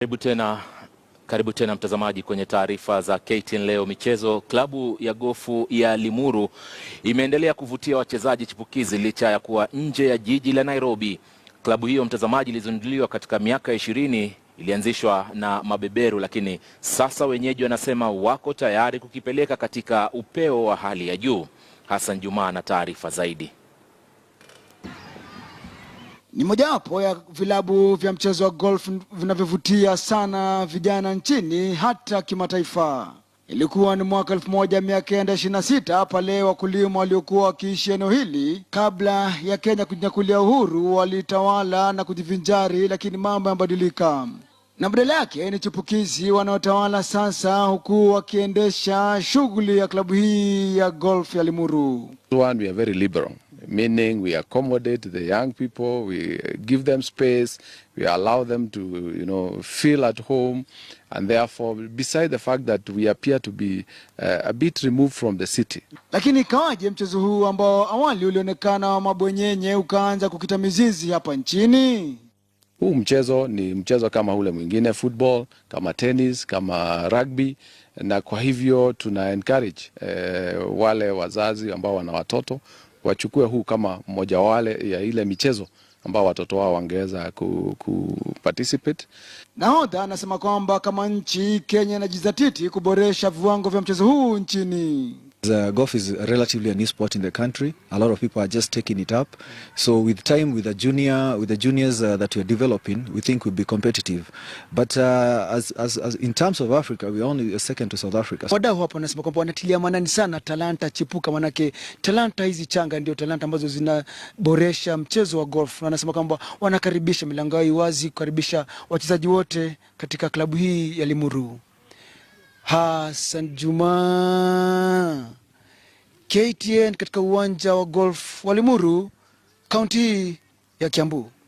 Karibu tena, karibu tena mtazamaji kwenye taarifa za KTN leo michezo. Klabu ya gofu ya Limuru imeendelea kuvutia wachezaji chipukizi licha ya kuwa nje ya jiji la Nairobi. Klabu hiyo mtazamaji, ilizinduliwa katika miaka ishirini, ilianzishwa na mabeberu, lakini sasa wenyeji wanasema wako tayari kukipeleka katika upeo wa hali ya juu. Hassan Juma ana taarifa zaidi ni mojawapo ya vilabu vya mchezo wa golf vinavyovutia sana vijana nchini hata kimataifa. Ilikuwa ni mwaka elfu moja mia kenda ishirini na sita pale wakulima waliokuwa wakiishi eneo hili kabla ya Kenya kujinyakulia uhuru walitawala na kujivinjari, lakini mambo yamebadilika na badala yake ni chipukizi wanaotawala sasa, huku wakiendesha shughuli ya klabu hii ya golf ya Limuru. One, we are very liberal meaning we accommodate the young people, we give them space, we allow them to, you know, feel at home. And therefore, beside the fact that we appear to be uh, a bit removed from the city. Lakini ikawaje mchezo huu ambao awali ulionekana mabwenyenye ukaanza kukita mizizi hapa nchini? Huu mchezo ni mchezo kama ule mwingine football, kama tennis, kama rugby, na kwa hivyo tuna encourage e, wale wazazi ambao wana watoto wachukue huu kama mmoja wale ya ile michezo ambao watoto wao wangeweza ku, ku participate. Nahodha anasema kwamba kama nchi Kenya inajizatiti kuboresha viwango vya mchezo huu nchini. Uh, golf is relatively a new sport in the country. A lot of people are just taking it up. So with time, with the junior, with the juniors uh, that are developing, we think we'll be competitive. But uh, as, as, as in terms of Africa, we're only second to South Africa. Wadau hapa wanasema kwamba wanatilia manani sana talanta chipuka, manake talanta hizi changa ndio talanta ambazo zinaboresha mchezo wa golf. Wanasema kwamba wanakaribisha milango yao iwazi kukaribisha wachezaji wote katika klabu hii ya Limuru. Hassan Juma, KTN katika uwanja wa golf wa Limuru, kaunti ya Kiambu.